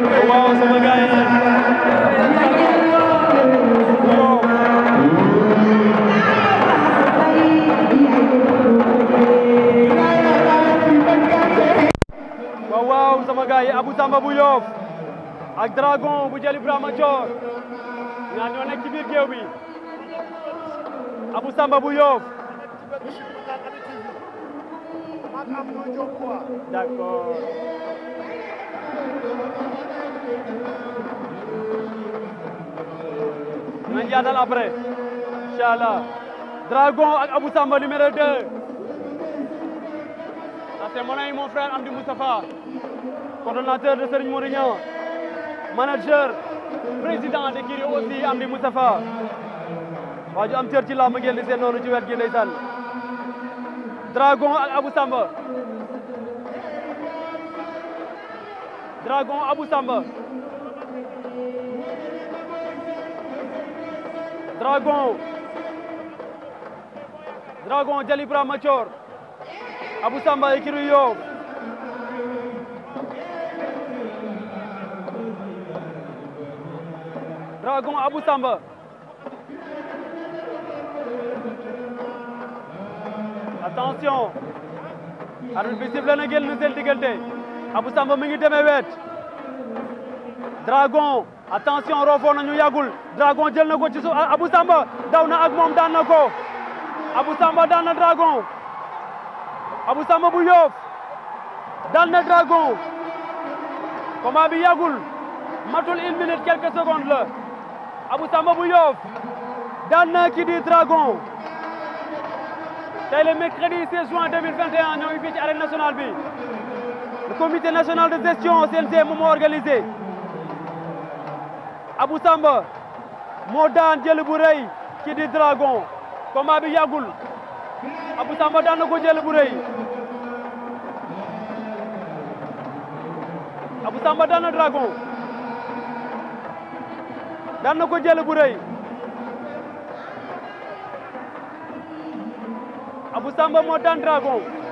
waaw sama gaay abu sama Samba bu Yoff ak Dragon bu Jël Ibrahima Dior ñaan ñoo nekk ci biir géew bi bu Yoff D'accord. va yaatal après Inch'Allah. Dragon ak Abou Samba numéro 2 ça c'est mon mon frère Amdi Moustapha coordonnateur de Serigne Mourignan manager président de Kiri aussi Amdi Moustapha waa ju am cër ci làmb que di ci Dragon ak Samba Dragon Abou Samba Dragon Dragon Jalibra Machor Abou Samba écurie Yoff Dragon Abou Samba attention arbitre bi sifflé na génn seen diggante Abou Samba mi ngi demee weet Dragon attention roofoo na ñu yàggul Dragon jël na ko ci suuf ah, Abou Samba daw na ak moom daan na ko Abou Samba daan na Dragon Abou Samba bu Yoff daan na Dragon combat bi yàggul matul une minute quelques secondes la Abou Samba bu Yoff daan na kii di Dragon C'est le mercredi 16 juin 2021 nous ngi ci nationale le comité national de gestion c'est mo organisé Abou Samba Mordan, daan jël bu des ci di dragon combat bi yagul Abou Samba daan ko jël Abou Samba daan dragon daan le ko jël Abou Samba moo daan Dragon